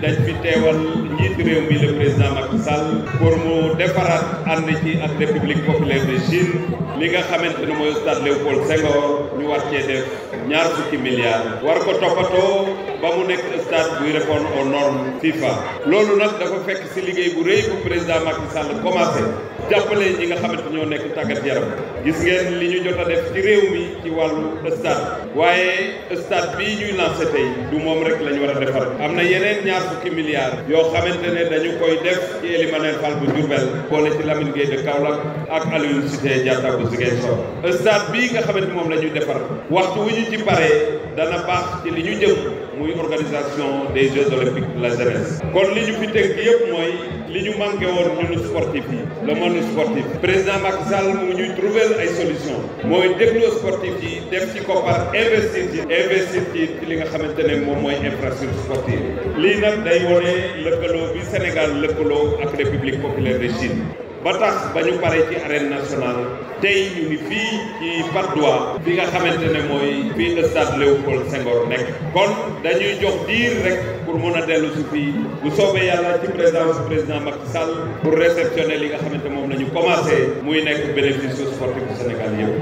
dañ fi teewal njiitu réew mi le président Macky Sall pour mu defaraat ànd ci ak république populaire de Chine li nga xamante ne mooy stade Léopold Senghor ñu war cee def ñaar fukki milliards war ko toppatoo. ba mu nekk stade buy répondre aux normes FIFA loolu nag dafa fekk ci liggéey bu rëy bu président Macky Sall commencé jàppale ñi nga xamante ñoo nekk tàggat yaram gis ngeen li ñu jot a def ci réew mi ci wàllu stade waaye stade bii ñuy lancé tey du moom rek lañu ñu war a defar am na yeneen ñaar fukki milliards yoo xamante ne dañu koy def ci Elimanel Fall bu Diourbel boole ci Lamine Gueye de Kaolack ak Aliou Cissé Diatta bu Ziguinchor stade bi nga xamante moom la ñuy defar waxtu wu ñu ci li ñu jëm ci des Jeux olympiques de li ñu fi yëpp mooy li ñu manqué woon ñun sportif yi le monde président Macky Sall mu ñuy solution mooy déglu sportif yi dem ci koppar investir ci li nga xamante ne moom mooy infrastructure sportive lii nag day wone lëkkaloo bi Sénégal lëkkaloo ak république populaire de Chine. ba tax ba ñu pare ci arène nationale tey ñu ngi fii ci Patte d'Oie bi nga xamante ne mooy fii stade Léopold Senghor nekk kon dañuy jox diir rek pour mën a dellu si fii bu soobee yàlla ci présidence président Macky Sall pour réceptionner li nga xamante moom la ñu commencé muy nekk bénéfice sportif bu Sénégal yëpp